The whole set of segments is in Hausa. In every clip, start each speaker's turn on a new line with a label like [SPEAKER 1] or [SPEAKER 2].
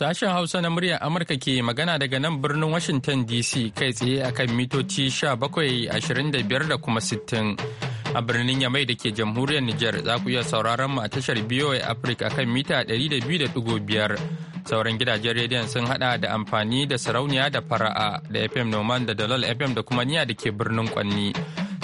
[SPEAKER 1] Sashen Hausa na muryar Amurka ke magana daga nan birnin Washington DC kai tsaye akan mitoci 1725 da kuma 60. A birnin Yamai da ke jamhuriyar Nijar za ku iya sauraron mu a tashar BOA Africa akan mita 200.5. Sauran gidajen rediyon sun hada da amfani da sarauniya da fara'a da FM Noman da dalal FM da kuma niya da ke birnin Kwanni.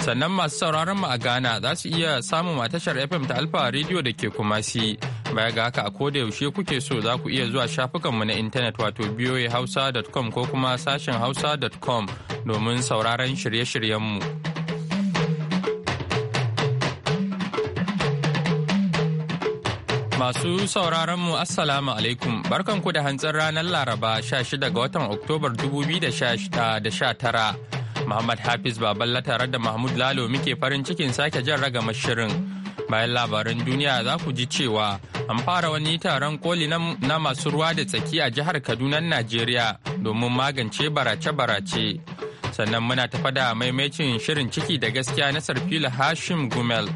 [SPEAKER 1] Sannan masu sauraron mu a Ghana za su iya samun a tashar FM ta Alfa Radio da ke Kumasi. Baya ga haka a koda yaushe kuke so za ku iya zuwa shafukanmu na intanet wato hausa.com ko kuma sashen hausa.com domin sauraron shirye-shiryenmu. Masu sauraronmu Assalamu alaikum barkanku da hantsin ranar Laraba 16 ga watan Oktobar 2019. Muhammad Hafiz Baballa tare da Mahmud Lalo muke farin cikin sake jan ragama shirin. Bayan labaran duniya za ku ji cewa an fara wani taron koli na masu ruwa da tsaki a jihar Kaduna Najeriya domin magance barace-barace. Sannan muna tafa da maimacin shirin ciki da gaskiya na Sarfila Hashim Gumel.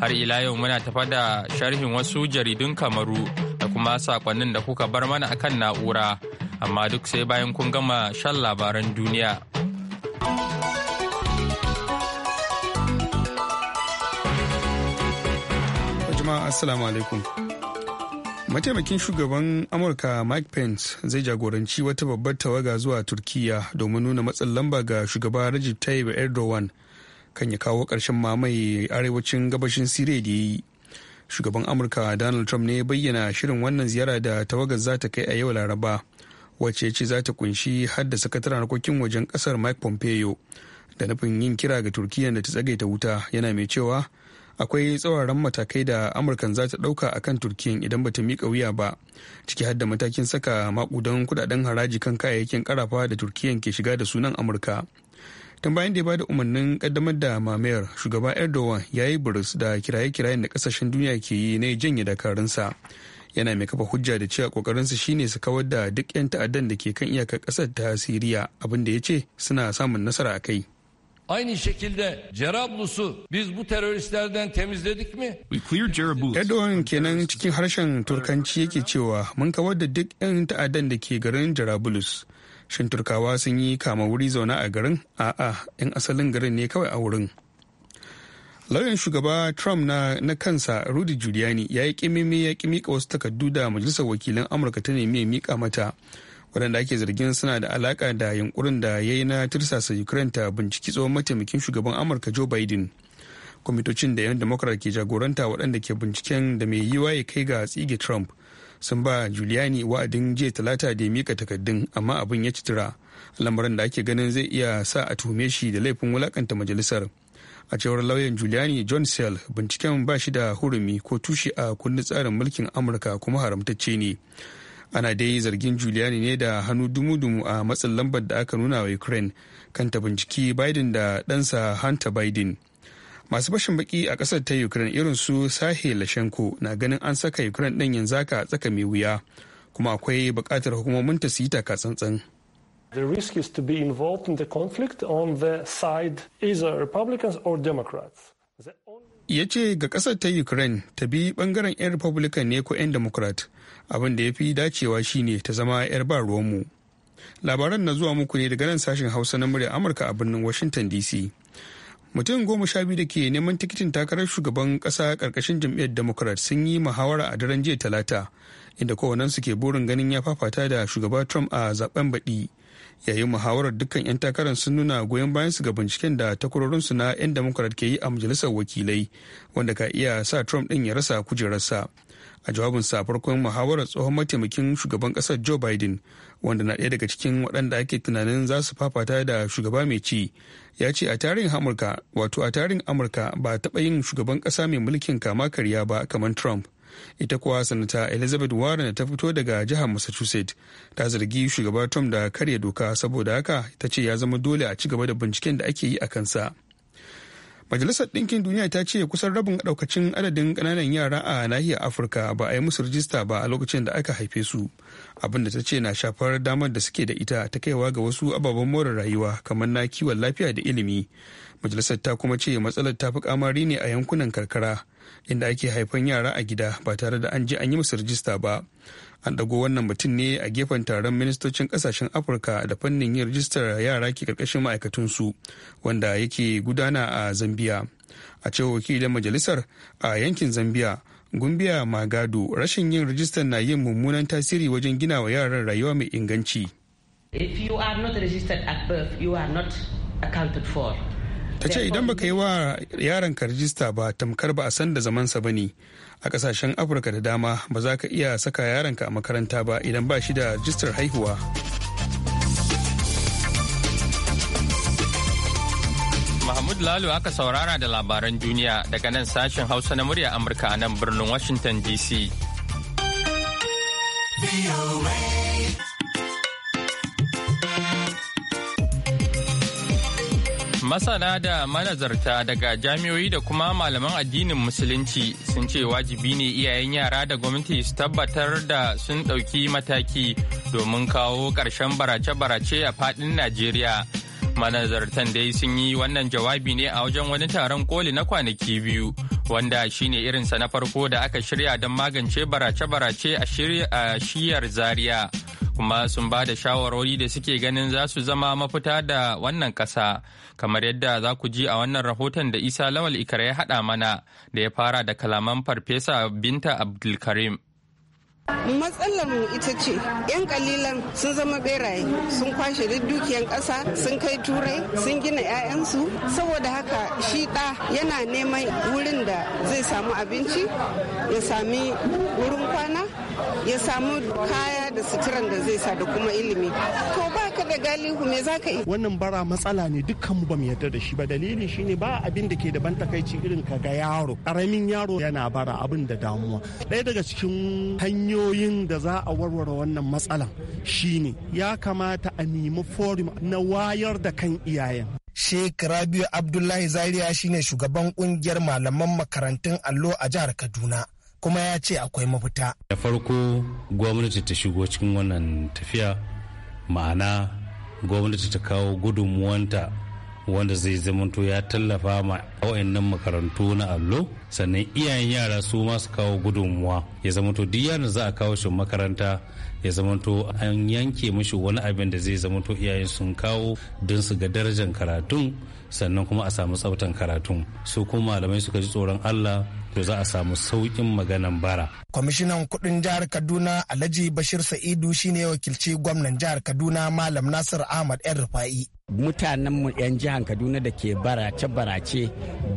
[SPEAKER 1] Har ila yau muna tafa da sharhin wasu jaridun Kamaru da kuma sakonnin da kuka bar mana akan na'ura. Amma duk sai bayan kun gama shan labaran duniya.
[SPEAKER 2] assalamu alaikum mataimakin shugaban amurka mike pence zai jagoranci wata babbar tawaga zuwa turkiyya domin nuna matsin lamba ga shugaba rajib tayyip erdogan kan ya kawo ƙarshen mamaye arewacin gabashin sire da ya yi shugaban amurka donald trump ne bayyana shirin wannan ziyara da tawagar za ta kai a yau laraba wacce ya ce za ta kunshi hadda sakataren harkokin wajen kasar mike pompeo da nufin yin kira ga turkiyya da ta ta wuta yana mai cewa akwai tsawaran matakai da amurkan za ta ɗauka a kan turkiyya idan ba ta miƙa wuya ba ciki hadda matakin saka makudan kudaden haraji kan kayayyakin karafa da turkiyya ke shiga da sunan amurka tun bayan da ya bada umarnin kaddamar da mamayar shugaba erdogan ya yi buris da kiraye-kirayen da kasashen duniya ke yi na janye dakarunsa yana mai kafa hujja da cewa kokarinsu shine su kawar da duk 'yan ta'addan da ke kan iyakar kasar ta siriya abin ya ce suna samun nasara a kai
[SPEAKER 1] Aynı şekilde Cerablus'u biz bu teröristlerden temizledik mi?
[SPEAKER 2] Erdoğan kenan cikin harshen Turkanci yake cewa mun kawar da duk 'yan ta'addan da ke garin Jarablus. Shin Turkawa sun yi kama wuri zauna a garin? A'a, 'yan asalin garin ne kawai a wurin. lauyan shugaba trump na, na kansa rudy giuliani ya yi kimimi ya ki mika wasu takardu da majalisar wakilan amurka ta nemi ya mika mata waɗanda ake zargin suna da alaka da yunkurin da ya yi na tirsasa ukraine ta binciki tsohon mataimakin shugaban amurka joe biden kwamitocin da 'yan democrat ke jagoranta waɗanda ke binciken da mai yiwa ya kai ga tsige trump sun ba giuliani wa'adin jiya talata da ya mika takardun amma abin ya citira lamarin da ake ganin zai iya sa a tuhume shi da laifin wulakanta majalisar a cewar lauyan Giuliani John Sell binciken ba shi da hurumi ko tushe a kundin tsarin mulkin Amurka kuma haramtacce ne. Ana dai zargin Giuliani ne da hannu dumu-dumu a matsin lambar da aka nuna wa Ukraine kanta ta binciki Biden da ɗansa hanta Biden. Masu bashin baki a ƙasar ta Ukraine irin su Sahe Lashenko na ganin an saka Ukraine ɗin yanzu haka tsaka mai wuya kuma akwai buƙatar hukumomin ta su yi taka tsantsan.
[SPEAKER 3] The risk is to be involved in the conflict on the side either Republicans or Democrats.
[SPEAKER 2] ya ce ga kasar ta ukraine ta bi bangaren 'yan republican ne ko 'yan democrat abin da ya fi dacewa shine ta zama 'yar ba ruwanmu labaran na zuwa muku ne daga nan sashen hausa na murya amurka a birnin washington dc mutum goma sha biyu da ke neman tikitin takarar shugaban kasa karkashin jam'iyyar democrat sun yi muhawara a daren jiya talata inda su ke burin ganin ya fafata da shugaba trump a zaben baɗi yayin muhawarar dukkan 'yan takarar sun nuna goyon bayan su ga binciken da su na 'yan democrat ke yi a majalisar wakilai wanda ka iya sa trump ɗin ya rasa kujerarsa a jawabin sa farkon muhawarar tsohon mataimakin shugaban ƙasar joe biden wanda na ɗaya daga cikin waɗanda ake tunanin za su fafata da shugaba mai ci ya ce a tarihin amurka wato a tarihin amurka ba taɓa yin shugaban ƙasa mai mulkin kama karya ba kamar trump ita kuwa sanata elizabeth warren da ta fito daga jihar massachusetts ta zargi shugaba tom da karya doka saboda haka ta ce ya zama dole a ci gaba da binciken da ake yi a kansa majalisar ɗinkin duniya ta ce kusan rabin ɗaukacin adadin ƙananan yara a nahiyar afirka ba a yi musu rijista ba a lokacin da aka haife su abin da ta ce na shafar damar da suke da ita ta kaiwa ga wasu ababen more rayuwa kamar na kiwon lafiya da ilimi majalisar ta kuma ce matsalar ta fi kamari ne a yankunan karkara inda ake haifan yara a gida ba tare da an je an yi musu rijista ba an ɗago wannan mutum ne a gefen taron ministocin ƙasashen afirka da fannin yin rijistar yara ke ƙarƙashin ma'aikatunsu wanda yake gudana a Zambia a cewa wakilin majalisar a yankin Zambia gumbiya magado rashin yin rijistar na yin mummunan tasiri wajen gina wa yaran rayuwa mai inganci
[SPEAKER 4] if you are not registered at birth you are not accounted for ta ce idan
[SPEAKER 2] baka yi wa yaron ka rajista ba tamkar ba a san da zamansa ba ne a kasashen afirka da dama ba za ka iya saka ka a makaranta ba idan ba shi da rajistar haihuwa
[SPEAKER 1] mahmud lalu aka saurara da labaran duniya daga nan sashen hausa na murya amurka a nan birnin washington dc Masana da manazarta daga jami'oi da kuma malaman addinin musulunci sun ce wajibi ne iyayen yara da gwamnati su tabbatar da sun ɗauki mataki domin kawo ƙarshen barace-barace a faɗin Najeriya. Manazartan dai sun yi wannan jawabi ne a wajen wani taron koli na kwanaki biyu, wanda shine irinsa na farko da aka shirya don magance barace-barace a shiyar Zaria. kuma sun ba da shawarwari da suke ganin za su zama mafita da wannan ƙasa kamar yadda za ku ji a wannan rahoton da isa lawal ikara ya haɗa mana da ya fara da kalaman farfesa binta abdulkarim
[SPEAKER 4] matsalar mu ita ce yan kalilan sun zama beraye sun kwashe duk dukiyan kasa sun kai turai sun gina 'ya'yansu saboda haka shi ɗa yana neman wurin da zai samu abinci ya sami wurin kwana ya samu kaya da suturan da zai sa da kuma ilimi to ba ka da galihu me za ka yi wannan bara
[SPEAKER 5] matsala ne dukkan mu ba mu yarda da shi ba dalili shine ba abin da ke da ban takaici irin ka ga yaro karamin yaro yana bara abin da damuwa ɗaya daga cikin hanyoyin da za a warware wannan matsala shine ya kamata a nemi forum na wayar da
[SPEAKER 6] kan iyayen Sheikh Rabiu Abdullahi Zaria shine shugaban kungiyar malaman makarantun allo a jihar Kaduna. kuma ya ce akwai mafita.
[SPEAKER 3] Da farko gwamnati ta shigo cikin wannan tafiya ma'ana gwamnati ta kawo gudunmuwanta wanda zai zamanto ya tallafa ma nan makarantu na allo sannan iyayen yara su masu kawo gudunmuwa ya zamanto duk yaran za a kawo shi makaranta ya zamanto an yanke mashi wani abin da zai zamanto iyayen sun kawo don su ga darajar karatun sannan kuma a samu tsaftan karatun su kuma malamai suka ji tsoron allah to za a samu sauƙin maganan bara.
[SPEAKER 6] Kwamishinan kudin jihar Kaduna Alhaji Bashir Sa'idu shine wakilci gwamnan jihar Kaduna Malam Nasir Ahmad yan Rufa'i.
[SPEAKER 7] Mutanenmu 'yan jihar Kaduna da ke barace-barace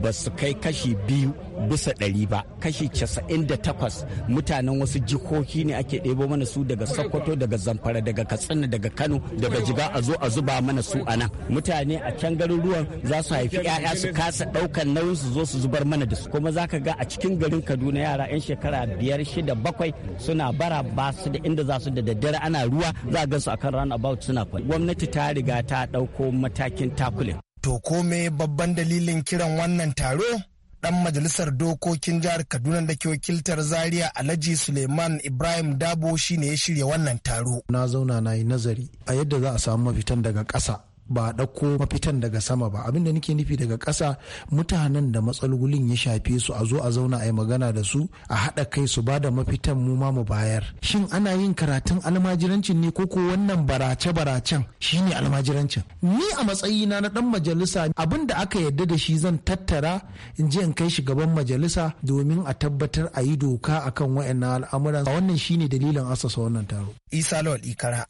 [SPEAKER 7] ba su kai kashi biyu bisa ɗari ba kashi casa'in da takwas mutanen wasu jikoki ne ake ɗebo mana su daga sokoto daga zamfara daga katsina daga kano daga jiga a zo a zuba mana su a nan mutane a can garuruwan za su haifi 'ya'ya su kasa ɗaukan nauyin su zo su zubar mana da su kuma za ka ga a cikin garin kaduna yara 'yan shekara biyar shida bakwai suna bara ba su da inda za su da daddare ana ruwa za ga su akan about suna kwan gwamnati ta riga ta dauko matakin takulin
[SPEAKER 6] to kome babban dalilin kiran wannan taro dan majalisar dokokin jihar kaduna da ke wakiltar zaria alhaji suleiman ibrahim dabo shine ya shirya wannan taro na zauna na yi nazari a yadda za a samu mafitan daga ƙasa ba a ɗauko mafitan daga sama ba abin da nake nufi daga ƙasa mutanen da matsalolin ya shafe su a zo a zauna a yi magana da su a haɗa kai su ba da mafitan mu ma mu bayar shin ana yin karatun almajirancin ne ko ko wannan barace baracen shine almajirancin ni a matsayina na ɗan majalisa abin da aka yarda da shi zan tattara in je in kai shi gaban majalisa domin a tabbatar a yi doka akan wa'annan al'amuran wannan shine dalilin asasa wannan taro isa lawal ikara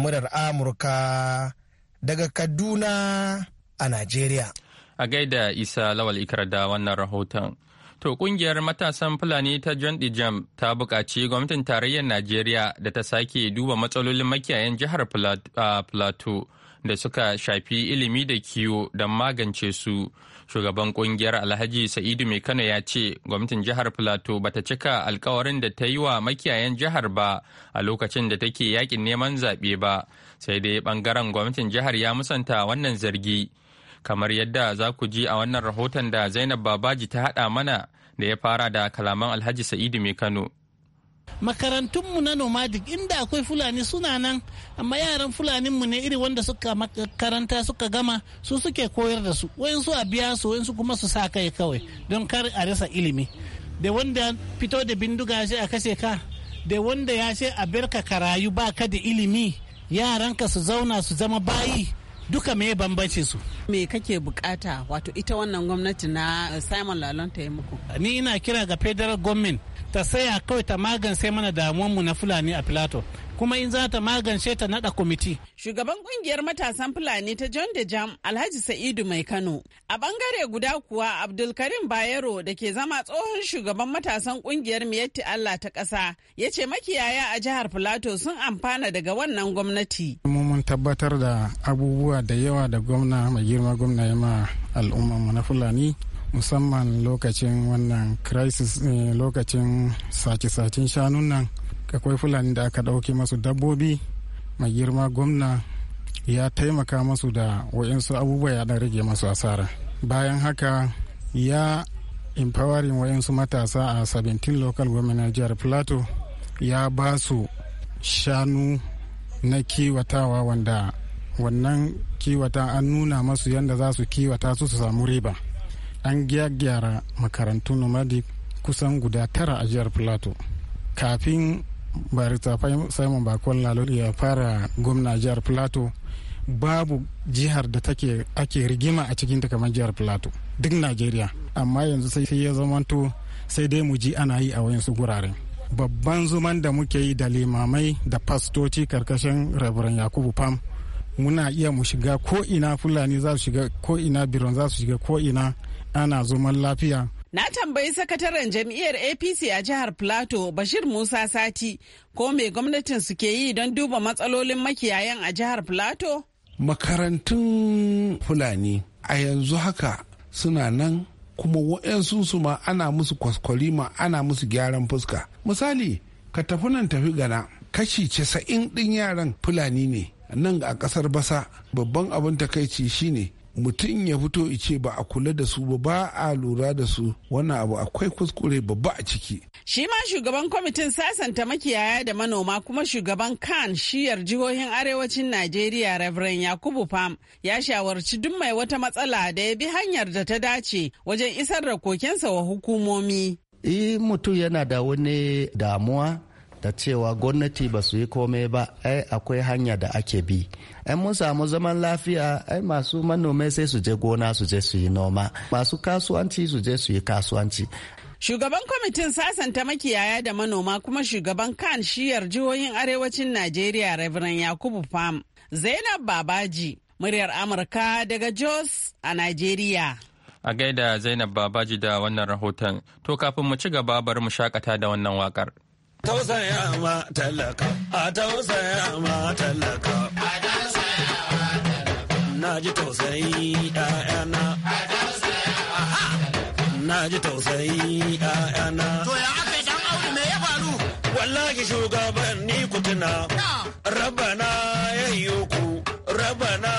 [SPEAKER 6] murar amurka daga Kaduna a Najeriya.
[SPEAKER 1] A gaida Isa Lawal Ikarda wannan rahoton. To kungiyar matasan Fulani ta John Dijam ta buƙaci gwamnatin tarayyar Najeriya da ta sake duba matsalolin makiyayan jihar Plateau da suka shafi ilimi da kiwo don magance su. Shugaban kungiyar Alhaji Sa'idu Mai Kano ya ce gwamnatin jihar Plateau bata cika alkawarin da ta yi wa makiyayan jihar ba a lokacin da take yakin neman zaɓe ba. Sai dai ɓangaren gwamnatin jihar ya musanta wannan zargi. kamar yadda za ku ji a wannan rahoton da zainab babaji ta haɗa mana da ya fara da kalaman alhaji sa'idu mai kano
[SPEAKER 5] makarantunmu na nomadic inda akwai fulani suna nan amma yaran fulaninmu ne iri wanda suka makaranta suka gama su suke koyar da su wayansu a biya su wayansu kuma su sa kai kawai don kar a rasa ilimi da wanda fito da bindiga sai a kashe ka da wanda ya ce a barka ka rayu ba ka da ilimi yaranka su zauna su zama bayi duka me
[SPEAKER 4] bambanci su me kake bukata wato ita wannan gwamnati na simon lalon ta muku
[SPEAKER 5] ni ina kira ga federal government ta saya kawai ta magance mana mu na fulani a filato kuma in za ta magance ta nada kwamiti.
[SPEAKER 4] Shugaban kungiyar matasan Fulani ta John de Jam Alhaji Sa'idu Mai Kano. A bangare guda kuwa Abdulkarim Bayero da ke zama tsohon shugaban matasan kungiyar Miyatti Allah ta ƙasa ya ce makiyaya a jihar Filato sun amfana daga wannan gwamnati.
[SPEAKER 5] Mun tabbatar da abubuwa da yawa da gwamna mai girma gwamna ya ma al'ummarmu na Fulani musamman lokacin wannan crisis eh, lokacin sace-sacen shanun nan akwai fulani da aka ɗauki masu dabbobi mai girma gwamna ya taimaka masu da wa'insu abubuwa ya ɗan rage masu asara bayan haka ya empowering wa'insu matasa a 17 local a jihar plateau ya ba su shanu na kiwatawa wanda wannan kiwata an nuna masu yadda za su kiwata su su samu riba an gyaggyara makarantu nomadic kusan guda tara a jihar plato kafin barista simon bakon lalo ya fara gwamna jihar plato babu jihar da take ake rigima a cikin kamar jihar plato duk najeriya amma yanzu sai ya zamanto sai dai mu ji ana yi a wayansu gurare. babban zuman da muke yi da limamai da fastoci karkashin rabiran yakubu pam muna iya mu shiga ko ina fulani za su shiga ko ina biron za su shiga ko ina ana zaman lafiya.
[SPEAKER 4] Na tambayi sakataren jam'iyyar APC a jihar Plateau Bashir Musa Sati ko me gwamnatin suke yi don duba matsalolin makiyayan a jihar Plateau?
[SPEAKER 6] Makarantun Fulani a yanzu haka suna nan kuma waɗansu su ma ana musu kwaskwalima ana musu gyaran fuska. Misali, ka tafi nan tafi gana kashi casa'in ɗin yaran Fulani ne nan a ƙasar basa babban abin takaici shine mutum ya fito ice ba a kula da su ba ba a lura da su wannan abu akwai kuskure babba a ciki.
[SPEAKER 4] Shi ma shugaban kwamitin sasanta makiyaya da manoma kuma shugaban kan shiyar jihohin arewacin Najeriya Reverend Yakubu Pam ya shawarci duk mai wata matsala da ya bi hanyar da ta dace wajen isar da kokensa wa
[SPEAKER 7] hukumomi. Eh mutum yana da wani damuwa da cewa gwamnati ba su yi komai ba ai akwai hanya da ake bi ai mun samu zaman lafiya ai masu manomai sai su je gona su je su yi noma masu kasuwanci su je su yi kasuwanci
[SPEAKER 4] Shugaban kwamitin sasanta makiyaya da manoma kuma shugaban kan shiyar jihohin arewacin Najeriya Reverend Yakubu Fam. Zainab Babaji, muryar Amurka daga Jos a Najeriya.
[SPEAKER 1] A gaida Zainab Babaji da wannan rahoton, to kafin mu ci gaba bari mu shakata da wannan wakar.
[SPEAKER 3] tausaya ma talaka a tausaya ma talaka na ji tausayi ƴaƴana na ji tausayi
[SPEAKER 6] ƴaƴana to ya aka dan aure me ya faru wallahi shugaban ni ku tuna rabana ya yi ku rabana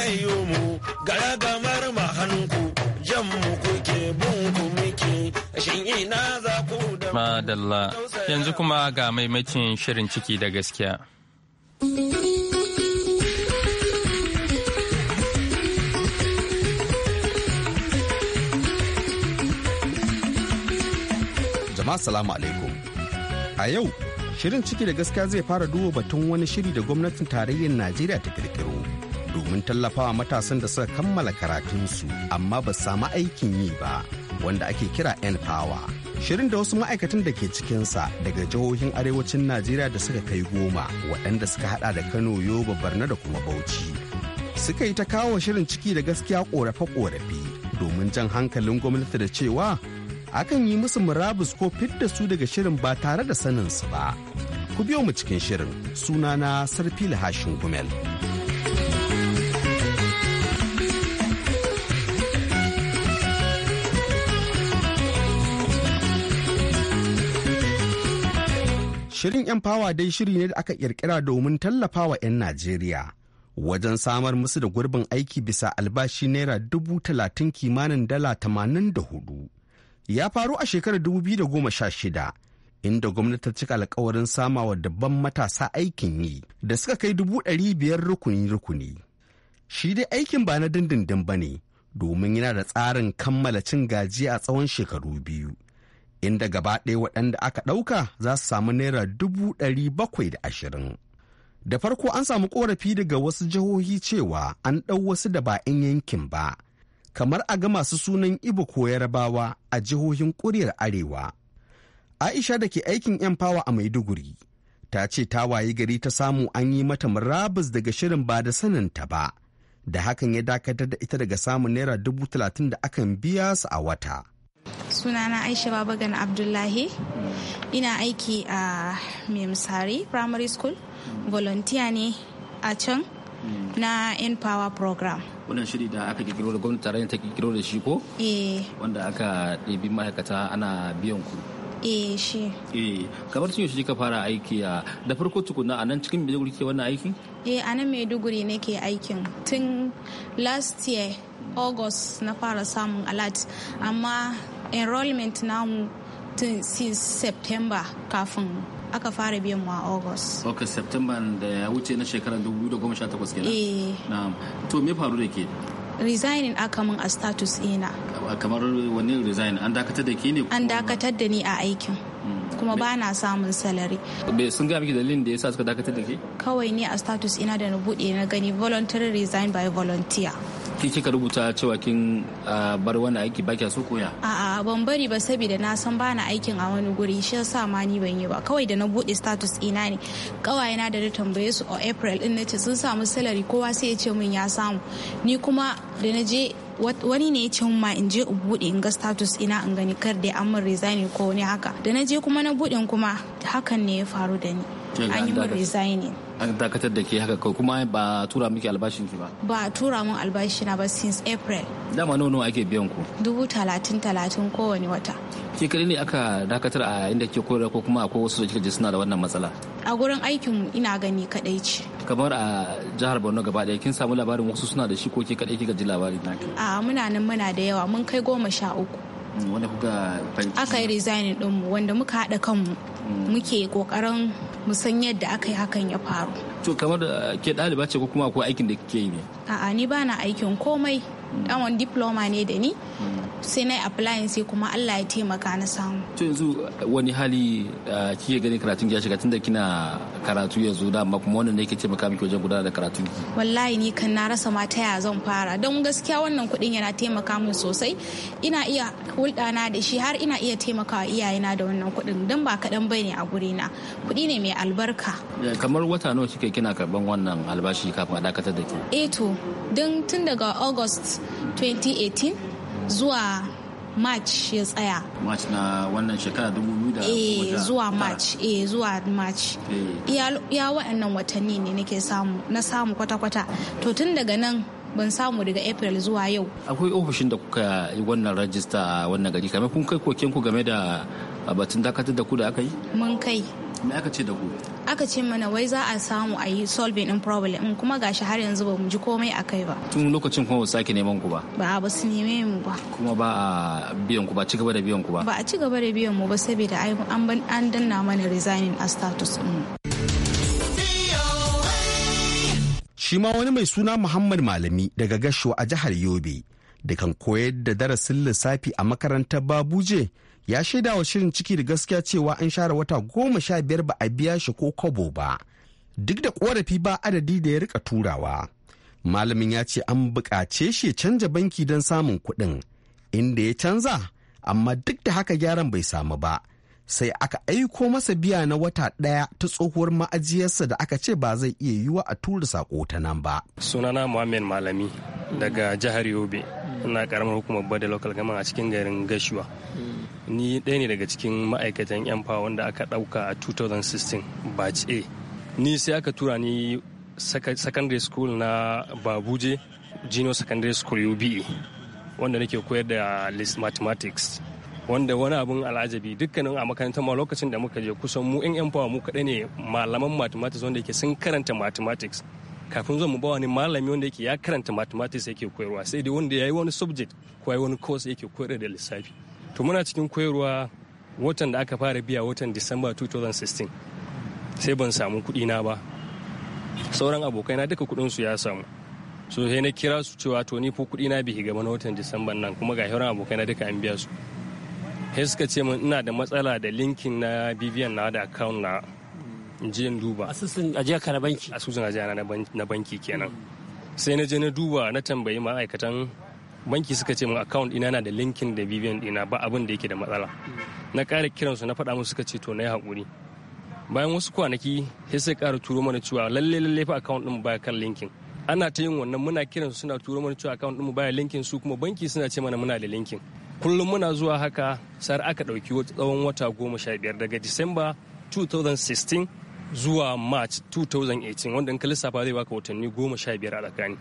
[SPEAKER 6] ya yi mu gara gamar ma hanku jan mu kuke bun ku muke
[SPEAKER 7] shin ina za
[SPEAKER 1] Madalla, yanzu kuma ga maimacin shirin ciki da gaskiya.
[SPEAKER 7] Jama'a salamu alaikum. A yau, shirin ciki da gaskiya zai fara duba batun wani shiri da gwamnatin tarayyar Najeriya ta kirkiro domin tallafawa matasan da suka kammala karatunsu amma ba samu aikin yi ba. wanda ake kira N-Power. Shirin da wasu ma'aikatan da ke cikinsa daga jihohin arewacin Najeriya da suka kai goma waɗanda suka haɗa da Kano, Yobe, Barna da kuma Bauchi. Suka yi ta kawo shirin ciki da gaskiya ƙorafe-ƙorafe domin jan hankalin gwamnati da cewa akan yi musu murabus ko fidda su daga shirin ba tare da saninsu ba. Ku biyo mu cikin shirin sunana Sarfila Hashin Gumel. Shirin 'yan fawa dai shiri ne da aka kirkira domin tallafawa 'yan Najeriya wajen samar musu da gurbin aiki bisa albashi naira dubu talatin kimanin dala tamanin da hudu. Ya faru a shekarar dubu biyu da goma sha shida inda gwamnati cika alkawarin wa dabban matasa aikin yi da suka kai dubu ɗari biyar rukuni-rukuni. Shi dai aikin ba na dindindin ba ne domin yana da tsarin kammala cin gaji a tsawon shekaru biyu. inda gaba ɗaya waɗanda aka ɗauka za su samu naira dubu ɗari bakwai da ashirin. Da farko an samu ƙorafi daga wasu jihohi cewa an ɗau wasu da ba in yankin ba, kamar a ga masu sunan Ibo ko Yarabawa a jihohin ƙuryar Arewa. Aisha da ke aikin 'yan fawa a Maiduguri, ta ce ta waye gari ta samu an yi mata murabus daga shirin ba da saninta ba, da hakan ya dakatar da ita daga samun naira dubu talatin da akan biya su a wata.
[SPEAKER 8] sunana aisha babagan abdullahi ina aiki a memsari primary school volunteer ne a can na power program
[SPEAKER 9] wannan shiri da aka kirkiro da gwamnati tarayyar ta kirkiro da shi ko eh. wanda aka ɗabi ma'aikata ana biyan ku eh shi eh kamar cikin shi ka fara aiki a da farko tukuna a nan cikin maiduguri ke wannan aiki
[SPEAKER 8] eh a nan maiduguri ke aikin tun last year august na fara samun alert amma enrollment namu tun since september kafin aka fara biyan mu a august
[SPEAKER 9] ok september da ya wuce na shekarar 2018 kenan eh na'am to me faru da ke
[SPEAKER 8] resigning aka min a status ina
[SPEAKER 9] kamar wani resign an dakatar da ke ne an
[SPEAKER 8] dakatar da ni a aikin hmm. kuma ba na samun salari
[SPEAKER 9] bai sun gaya miki dalilin da yasa suka dakatar da ke
[SPEAKER 8] kawai ne a status ina da na bude na gani voluntary resign by volunteer
[SPEAKER 9] ki kika rubuta cewa kin ah, bar wani aiki ba kya so koya
[SPEAKER 8] a'a ban bari ba saboda na san bana aikin a wani guri shi yasa ma ni ban yi ba kawai da na bude status ina ne kawai na da tambaye su a april din nace sun samu salary kowa sai ya ce min ya samu ni kuma da na je wani ne ya ce ma in je in bude in ga status ina in gani kar da an mun resigning ko wani haka da na je kuma na bude kuma hakan ne ya faru da ni an yi resigning
[SPEAKER 9] an dakatar da ke haka kuma ba tura miki albashin ki ba
[SPEAKER 8] ba tura mun albashi na ba since april
[SPEAKER 9] dama nawa nawa ake biyan ku
[SPEAKER 8] dubu talatin talatin kowane wata ke
[SPEAKER 9] kadai ne aka dakatar a inda ke koyarwa ko kuma akwai wasu da kika ji suna da wannan matsala
[SPEAKER 8] a gurin aikinmu ina gani kadai ce
[SPEAKER 9] kamar a jihar borno gaba daya kin samu labarin wasu suna da shi ko ke kadai kika ji labarin naki
[SPEAKER 8] a muna nan muna da yawa mun kai goma sha uku hmm, wanda kuka aka yi resigning dinmu wanda muka haɗa kanmu hmm. muke kokarin mu san yadda aka yi hakan ya faru
[SPEAKER 9] to kamar da eh, ke ɗaliba ce ko kuma akwai aikin da kike yi ne
[SPEAKER 8] a'a ni bana aikin komai ɗan hmm. diploma ne da ni hmm. sai na appliance sai kuma Allah ya taimaka na samu.
[SPEAKER 9] To yanzu uh, wani hali uh, kike ganin karatun ya shiga tunda kina karatu yanzu da amma kuma wannan ne yake taimaka miki wajen gudanar da karatun
[SPEAKER 8] Wallahi ni kan na rasa ma ta zan fara don gaskiya wannan kuɗin yana taimaka min sosai ina iya hulɗa na da shi har ina iya taimakawa iyayena da wannan kuɗin don ba kaɗan bai ne a guri na kuɗi ne mai albarka.
[SPEAKER 9] Kamar wata nawa kike kina karban wannan albashi kafin a dakatar da ke?
[SPEAKER 8] Eh to don tun daga August 2018 zuwa march ya tsaya
[SPEAKER 9] march na wannan shekara 2000 eh, eh zuwa march
[SPEAKER 8] eh zuwa march Ya waɗannan watanni ne nake samu na samu kwata-kwata to tun daga nan ban samu daga april zuwa yau
[SPEAKER 9] akwai ofishin da kuka yi wannan rajista a wannan gari kamar kun kai koken ku game da batun dakatar da ku da aka yi mun kai me aka ce da ku
[SPEAKER 8] aka ce mana wai za a samu a yi solving in problem kuma gashi har yanzu ba mu ji komai a kai ba
[SPEAKER 9] tun lokacin kuma ba sake neman ku ba
[SPEAKER 8] ba ba su neme mu ba
[SPEAKER 9] kuma ba a biyan ku ba ci gaba da biyan ku ba ba
[SPEAKER 8] a ci gaba da biyan mu ba saboda an danna mana resigning a status din
[SPEAKER 7] shi ma wani mai suna Muhammad Malami daga Gashuwa a jihar Yobe da kan koyar da darasin lissafi a makarantar Babuje ya shaida wa shirin ciki da gaskiya cewa an share wata goma sha biyar ba a biya shi ko kobo ba duk da korafi ba adadi da ya rika turawa malamin ya ce an bukace shi ya canja banki don samun kuɗin inda ya canza amma duk da haka gyaran bai samu ba sai aka aiko masa biya na wata ɗaya ta tsohuwar ma'ajiyarsa da aka ce ba zai iya yiwa a tura sako ta nan ba.
[SPEAKER 3] Sunana muhammed Malami daga jihar Yobe, ina karamar hukumar Bada Local Gama a cikin garin Gashuwa. ni ɗaya ne daga cikin ma'aikatan yan wanda aka ɗauka a 2016 batch a ni sai aka tura ni secondary school na babuje jino secondary school ube wanda nake koyar da list mathematics wanda wani abun al'ajabi dukkanin a makarantar ma lokacin da muka je kusan mu in yan fawa mu kaɗai ne malaman mathematics wanda yake sun karanta mathematics kafin zuwa mu ba wani malami wanda yake ya karanta mathematics yake koyarwa sai dai wanda ya yi wani subject ko ya wani course yake koyar da lissafi to muna cikin koyarwa watan da aka fara biya watan disamba 2016 sai ban samu kuɗi na ba sauran abokaina duka kuɗin su ya samu so sai na kira su cewa to ni fa kuɗi na bihi gaba na watan disamba nan kuma ga sauran abokaina duka an biya su sai suka ce min ina da matsala da linkin na bibiyan na da account na jiyan duba asusun ajiya ka na banki asusun ajiya na banki kenan sai na je na duba na tambayi ma'aikatan banki suka ce min account ina na da linkin da bbn dina ba abin da yake da matsala na ƙara kiransu na faɗa musu suka ce to na yi haƙuri bayan wasu kwanaki sai sai ƙara turo mana cewa lalle lalle fa account mu ba kan linkin ana ta yin wannan muna kiransu suna turo mana cewa account ba ya linkin su kuma banki suna ce mana muna da linkin kullum muna zuwa haka sar aka ɗauki tsawon wata goma sha biyar daga disamba 2016 zuwa march 2018 wanda in ka lissafa zai baka watanni goma sha biyar a tsakani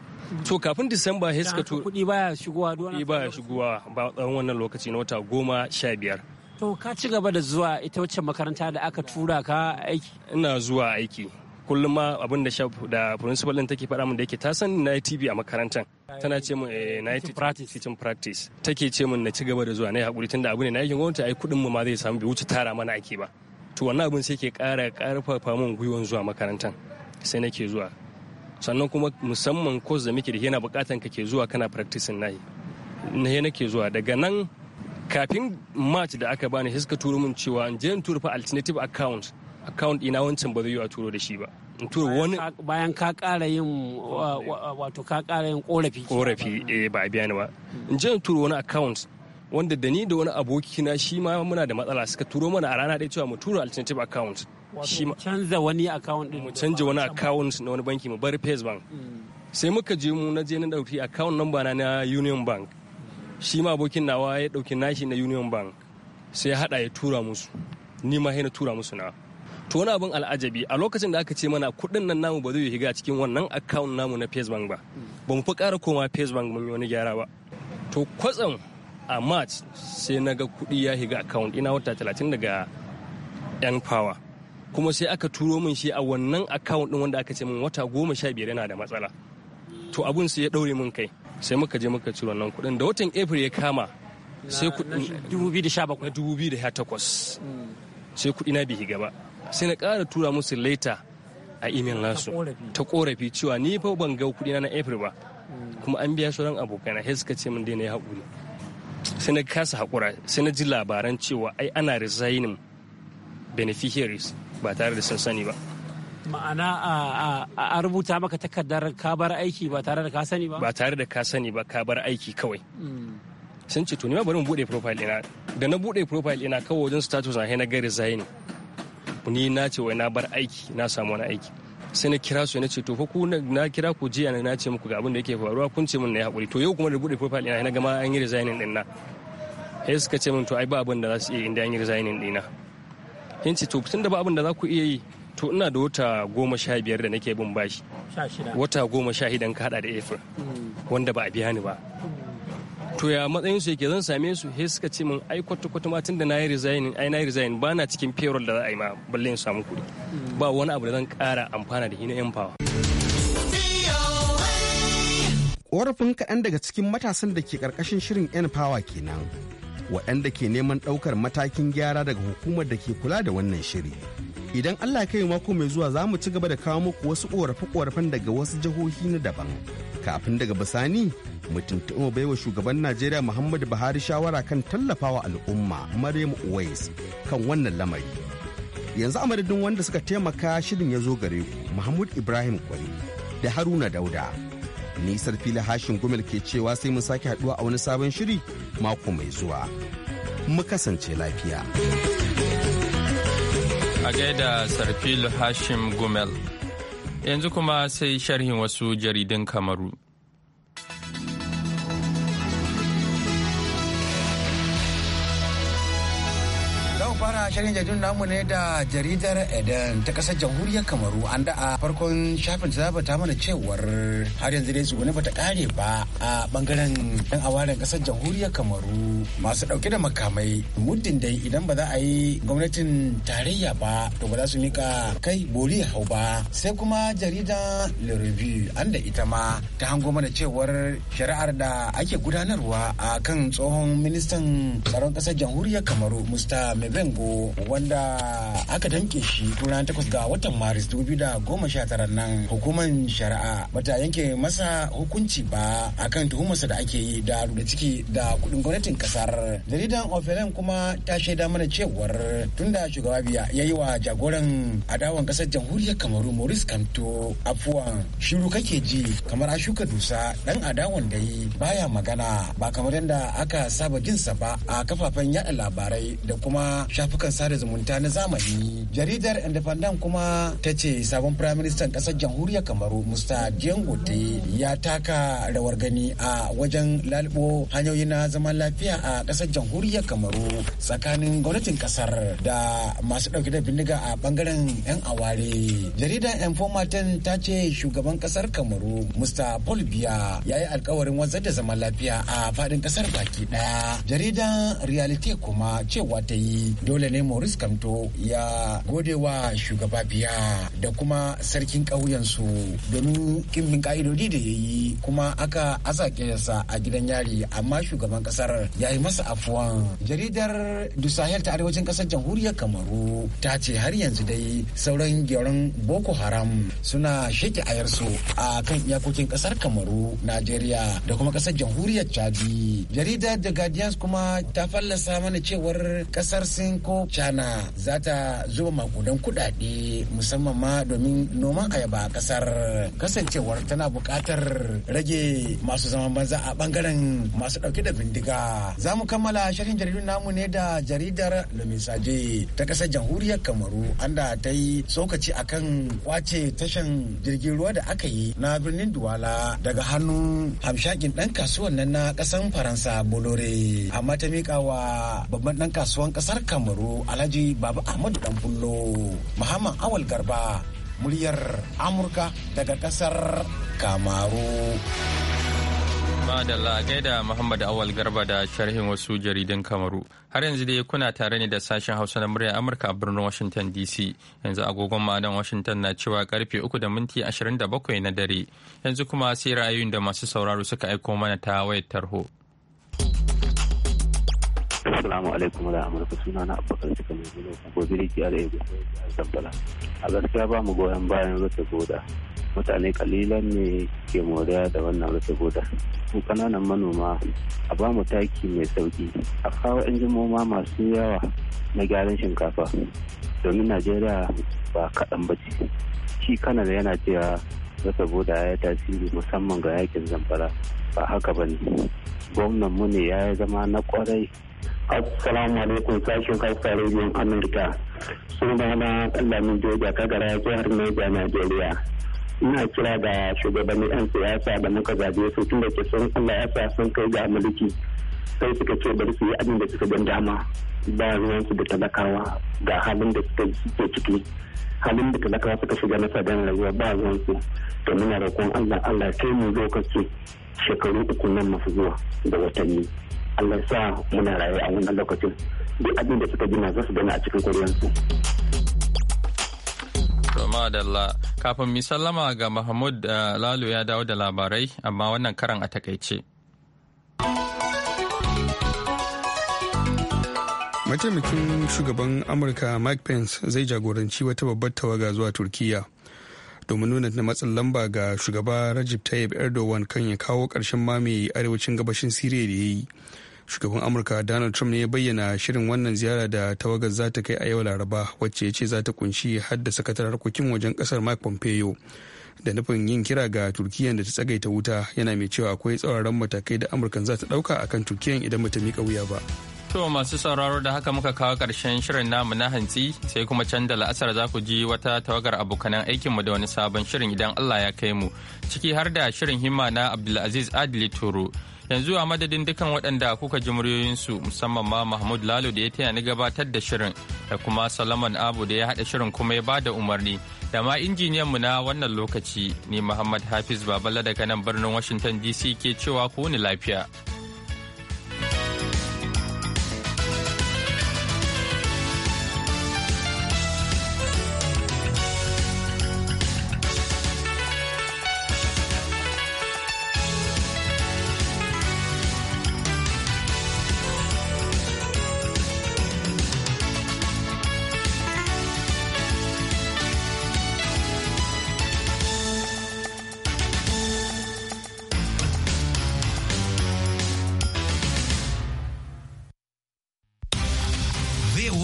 [SPEAKER 3] to kafin disamba sai suka to kuɗi baya shigowa kuɗi eh, baya shigowa ba tsawon wannan lokaci na wata goma sha biyar
[SPEAKER 9] to ka ci gaba da zuwa ita wacce makaranta da aka tura ka aiki
[SPEAKER 3] ina zuwa aiki kullum ma abin da da principal din take faɗa min da yake ta san na TV a makarantar tana ce min eh, na practice teaching practice take ce min na ci gaba da zuwa na yi hakuri tunda abu ne na yakin gwamnati ai kuɗin mu ma zai samu bai wuce tara mana ake ba to wannan abin sai ke ƙara ƙarfafa min gwiwan zuwa makarantan sai nake zuwa sannan kuma musamman ko da muke da yana buƙatan ka ke zuwa kana practicing nahi na yana nake zuwa daga nan kafin match da aka bani sai suka turo min cewa in je in tura fa alternative account account ina wancan ba zai yi a turo da shi ba in tura wani bayan ka ƙara yin wato ka ƙara yin korafi korafi eh ba a biya ni ba in je in tura wani account wanda da ni da wani abokina shi ma muna da matsala suka turo mana a rana ɗaya cewa mu tura alternative account shi ma canza wani account din mu canza wani account na wani banki mu bari Pace Bank hmm. sai muka je mu na je na dauki account number na na Union Bank shi ma abokin nawa ya dauki nashi na Union Bank sai ya hada ya tura musu ni ma na tura musu na to wani abin al'ajabi a lokacin da aka ce mana kuɗin nan namu ba zai yi higa cikin wannan account namu na Pace Bank ba hmm. ba mu fi ƙara koma Pace Bank mun yi wani gyara ba to kwatsam a march sai na ga kudi ya higa account ina wata 30 daga yan power kuma sai aka turo min shi a wannan account din wanda aka ce min wata goma sha biyar yana da matsala to abun sai ya daure min kai sai muka je muka ciro wannan kudin da watan april ya kama sai kuɗin 2017 2018 hmm. sai kudi na bihi gaba sai na ƙara tura musu laita a imel nasu ta korafi cewa ni fa ban ga kudi na na april ba hmm. kuma an biya sauran abokana sai suka ce min daina ya haƙuri sai na kasa haƙura sai na ji labaran cewa ai ana resigning beneficiaries ba tare da sun sani ba
[SPEAKER 4] ma'ana
[SPEAKER 9] a rubuta maka takardar ka bar aiki ba tare da ka sani ba
[SPEAKER 3] ba tare da ka sani ba ka bar aiki kawai hmm. sun ce to ni ma bari mu bude profile ina da na bude profile ina kawai wajen status na na ga resigning ni na ce wai na bar aiki na samu wani aiki sai na kira su na ce to fa ku na kira ku jiya na ce muku ga abin da yake faruwa kun ce min na yi hakuri to yau kuma da bude profile ina na gama an yi resigning din na sai suka ce min to ai ba abin da za su iya inda an yi resigning na in ce to tun da ba abin da za ku iya yi to ina da wata goma sha biyar da nake bin bashi wata goma sha hidan ka hada da april hmm. wanda ba a biya ni ba to ya matsayin su yake zan same su he suka ce min ai kwata kwata ma tunda na yi resign ai na yi resign ba na cikin payroll da za a yi ma balle in samu kuɗi ba wani abu da zan ƙara amfana da hina fawa
[SPEAKER 7] korafin kaɗan daga cikin matasan da ke ƙarƙashin shirin yan power kenan waɗanda ke neman ɗaukar matakin gyara daga hukumar da ke kula da wannan shiri idan allah ya kai mako mai zuwa za mu ci gaba da kawo muku wasu korafe-korafen daga wasu jihohi na daban kafin daga bisani mu tuntuɓi baiwa shugaban najeriya muhammadu buhari shawara kan tallafawa al'umma maryam uwais kan wannan lamari yanzu a madadin wanda suka taimaka shirin ya zo gare ku Muhammad ibrahim kwari da haruna dauda sarfi la hashin gumel ke cewa sai mun sake haduwa a wani sabon shiri mako mai zuwa mu kasance lafiya.
[SPEAKER 1] A gaida Sarfil Hashim Gumel. Yanzu kuma sai sharhin wasu jaridun Kamaru.
[SPEAKER 6] fara shirin jaridun namu ne da jaridar Eden ta kasar jamhuriyar Kamaru an da a farkon shafin ta ta mana cewar har yanzu dai tsugune bata kare ba a bangaren dan awaren kasar jamhuriyar Kamaru masu dauke da makamai muddin dai idan ba za a yi gwamnatin tarayya ba to ba za su mika kai bori hau ba sai kuma jarida Le Review an da ita ma ta hango mana cewar shari'ar da ake gudanarwa a kan tsohon ministan tsaron kasar jamhuriyar Kamaru Musta Meben Jango wanda aka tanke shi ranar takwas ga watan Maris tara nan hukumar shari'a bata yanke masa hukunci ba a kan tuhumarsa da ake yi da lura ciki da kudin gwamnatin kasar. Jaridan Ofelen kuma ta shaida mana cewar tunda shugaba biya ya yi wa jagoran adawan kasar jamhuriyar Kamaru Maurice Kanto afuwan shiru kake ji kamar a shuka dusa dan adawan da yi baya magana ba kamar yadda aka saba jinsa ba a kafafen yada labarai da kuma shafukan sada zumunta na zamani jaridar independent kuma ta ce sabon prime minister kasar jamhuriyar kamaru musta jengote ya taka rawar gani a wajen lalbo hanyoyi na zaman lafiya a kasar jamhuriyar kamaru tsakanin gwamnatin kasar da masu dauke da bindiga a bangaren yan aware jaridar informatin ta ce shugaban kasar kamaru musta paul biya ya yi alkawarin wanzar da zaman lafiya a faɗin kasar baki daya jaridar reality kuma cewa ta yi dole ne Maurice Kamto ya gode wa shugaba biya da kuma sarkin ƙauyensu domin kimbin ka'idodi da ya yi kuma aka azake sa a gidan yari amma shugaban kasar ya yi masa afuwan jaridar dusahel ta arewacin ƙasar jamhuriyar kamaru ta ce har yanzu dai sauran gyaran boko haram suna sheke ayarsu a kan iyakokin ƙasar kamaru najeriya da kuma kasar jamhuriyar chadi jaridar the guardians kuma ta fallasa mana cewar ƙasar sun ko china za ta zuba makudan kudade musamman ma domin noman ayaba a kasar kasancewar tana buƙatar rage masu zaman banza a bangaren masu ɗauke da bindiga za mu kammala shirin jaridun namu ne da jaridar lumisaje ta ƙasar jamhuriyar kamaru anda ta yi tsokaci akan kwace tashan jirgin ruwa da aka yi na birnin duwala daga hannun hamshakin dan kasuwan nan na ƙasar faransa bolore amma ta miƙa wa babban ɗan kasuwan kasar kamaru kamaru alhaji baba Ahmad Danbullo, muhammad awal garba muryar amurka daga kasar
[SPEAKER 1] kamaru Madalla gaida Muhammad Awal Garba da sharhin wasu jaridan Kamaru. Har yanzu dai kuna tare ne da sashen Hausa na muryar Amurka a birnin Washington DC. Yanzu agogon ma'adan Washington na cewa karfe 3 da minti 27 na dare. Yanzu kuma sai ra'ayoyin da masu sauraro suka aiko mana ta wayar tarho.
[SPEAKER 7] Assalamu alaikum da amurka suna na abokan cika mai gina gobe da kiyar ego a Zamfara. A gaskiya ba mu goyon bayan rufe goda. Mutane kalilan ne ke moriya da wannan rufe goda. su kananan manoma a ba mu taki mai sauki a kawo jimoma masu yawa na gyaran shinkafa domin Najeriya ba kaɗan ba ce. Shi Kanada yana cewa rufe goda ya tasiri musamman ga yakin Zamfara ba haka ba ne. Gwamnan mu ne ya zama na kwarai Assalamu alaikum sashen Hausa rediyon Amurka. Suna na Kallami Joja Kagara jihar Niger Najeriya. Ina kira da shugabanni 'yan siyasa da muka zabe su tun da ke sun Allah ya sa
[SPEAKER 6] sun kai ga mulki sai suka ce bari su yi abin da suka dama ba su da talakawa ga halin da suka ke ciki halin da talakawa suka shiga na sadan rayuwa ba su to muna roƙon Allah Allah kai mu lokaci shekaru uku nan masu zuwa da watanni. Allah sa muna raye a wannan lokacin duk abin da suka gina
[SPEAKER 7] za su gani a cikin kuryansu.
[SPEAKER 1] Madalla kafin mi sallama ga Mahmud eh, Lalo ya dawo da labarai amma wannan karan a takaice.
[SPEAKER 2] Mataimakin shugaban Amurka Mike Pence zai jagoranci wata babbar tawaga zuwa Turkiyya. domin nuna na matsin lamba ga shugaba Rajib Tayyip Erdogan kan ya kawo ƙarshen mamaye arewacin gabashin Siriya da ya yi. shugaban amurka donald trump ne ya bayyana shirin wannan ziyara da tawagar za ta kai a yau laraba wacce ya ce za ta kunshi har da sakatar harkokin wajen kasar mike pompeo da nufin yin kira ga turkiyan da ta tsagaita wuta yana mai cewa akwai tsauraran matakai da amurka za ta dauka akan turkiyya idan ba ta mika wuya ba
[SPEAKER 1] to masu sauraro da haka muka kawo karshen shirin namu na hantsi sai kuma can da la'asar za ku ji wata tawagar abokanan aikinmu da wani sabon shirin idan allah ya kai mu ciki har da shirin himma na abdulaziz adili toro yanzu a madadin dukan waɗanda kuka ji muryoyinsu musamman ma mahmud lalo da ya taya ni gabatar da shirin da kuma salaman abu da ya haɗa shirin kuma ya bada umarni da ma injiniyan mu na wannan lokaci ni muhammad hafiz babala daga nan birnin washington dc ke cewa ku ni lafiya